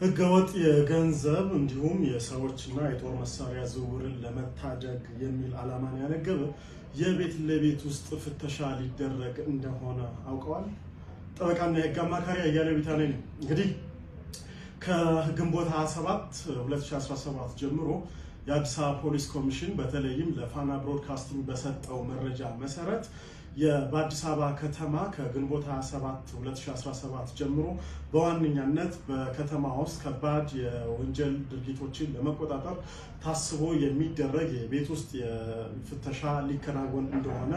ህገወጥ የገንዘብ እንዲሁም የሰዎችና የጦር መሳሪያ ዝውውርን ለመታደግ የሚል ዓላማን ያነገበ የቤት ለቤት ውስጥ ፍተሻ ሊደረግ እንደሆነ አውቀዋል። ጠበቃና የህግ አማካሪ አያሌው ቢታኔ ነው። እንግዲህ ከግንቦት 27 2017 ጀምሮ የአዲስ አበባ ፖሊስ ኮሚሽን በተለይም ለፋና ብሮድካስቲንግ በሰጠው መረጃ መሰረት በአዲስ አበባ ከተማ ከግንቦት 27 2017 ጀምሮ በዋነኛነት በከተማ ውስጥ ከባድ የወንጀል ድርጊቶችን ለመቆጣጠር ታስቦ የሚደረግ የቤት ውስጥ የፍተሻ ሊከናወን እንደሆነ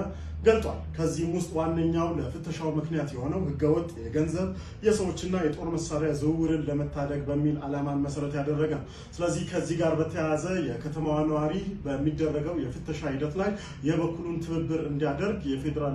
ገልጧል። ከዚህም ውስጥ ዋነኛው ለፍተሻው ምክንያት የሆነው ህገወጥ የገንዘብ የሰዎችና የጦር መሳሪያ ዝውውርን ለመታደግ በሚል ዓላማን መሰረት ያደረገ ነው። ስለዚህ ከዚህ ጋር በተያያዘ የከተማዋ ነዋሪ በሚደረገው የፍተሻ ሂደት ላይ የበኩሉን ትብብር እንዲያደርግ የፌዴራል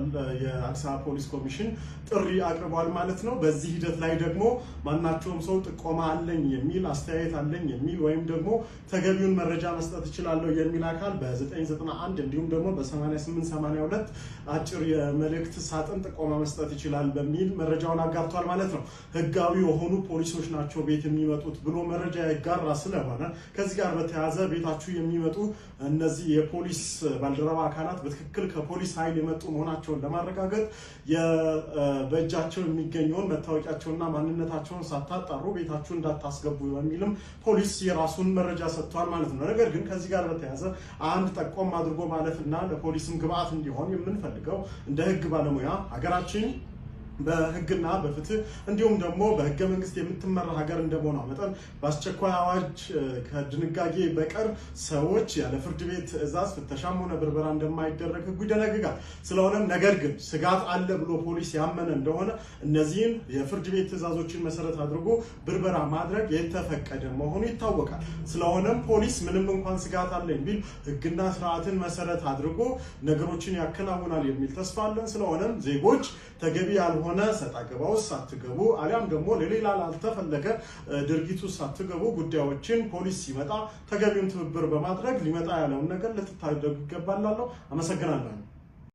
የአዲስ አበባ ፖሊስ ኮሚሽን ጥሪ አቅርቧል ማለት ነው። በዚህ ሂደት ላይ ደግሞ ማናቸውም ሰው ጥቆማ አለኝ የሚል አስተያየት አለኝ የሚል ወይም ደግሞ ተገቢውን መረጃ መስጠት እችላለሁ የሚል አካል በ991 እንዲሁም ደግሞ በ8882 አጭር የመልእክት ሳጥን ጥቆማ መስጠት ይችላል በሚል መረጃውን አጋብቷል ማለት ነው። ህጋዊ የሆኑ ፖሊሶች ናቸው ቤት የሚመጡት ብሎ መረጃ ያጋራ ስለሆነ ከዚህ ጋር በተያያዘ ቤታችሁ የሚመጡ እነዚህ የፖሊስ ባልደረባ አካላት በትክክል ከፖሊስ ኃይል የመጡ መሆናቸው መሆናቸውን ለማረጋገጥ በእጃቸው የሚገኘውን መታወቂያቸውና ማንነታቸውን ሳታጣሩ ቤታቸው እንዳታስገቡ በሚልም ፖሊስ የራሱን መረጃ ሰጥቷል ማለት ነው። ነገር ግን ከዚህ ጋር በተያያዘ አንድ ጠቆም አድርጎ ማለፍና ለፖሊስም ግብአት እንዲሆን የምንፈልገው እንደ ህግ ባለሙያ ሀገራችን በህግና በፍትህ እንዲሁም ደግሞ በህገ መንግስት የምትመራ ሀገር እንደመሆኗ መጠን በአስቸኳይ አዋጅ ከድንጋጌ በቀር ሰዎች ያለ ፍርድ ቤት ትዕዛዝ ፍተሻም ሆነ ብርበራ እንደማይደረግ ህጉ ይደነግጋል። ስለሆነም ነገር ግን ስጋት አለ ብሎ ፖሊስ ያመነ እንደሆነ እነዚህን የፍርድ ቤት ትዕዛዞችን መሰረት አድርጎ ብርበራ ማድረግ የተፈቀደ መሆኑ ይታወቃል። ስለሆነም ፖሊስ ምንም እንኳን ስጋት አለኝ ቢል ህግና ስርዓትን መሰረት አድርጎ ነገሮችን ያከናውናል የሚል ተስፋ አለን። ስለሆነም ዜጎች ተገቢ ያልሆ ለሆነ ሰጣ ገባ ውስጥ ሳትገቡ አሊያም ደግሞ ለሌላ ላልተፈለገ ድርጊቱ ሳትገቡ ጉዳዮችን ፖሊስ ሲመጣ ተገቢውን ትብብር በማድረግ ሊመጣ ያለውን ነገር ልትታደጉ ይገባላለሁ። አመሰግናለሁ።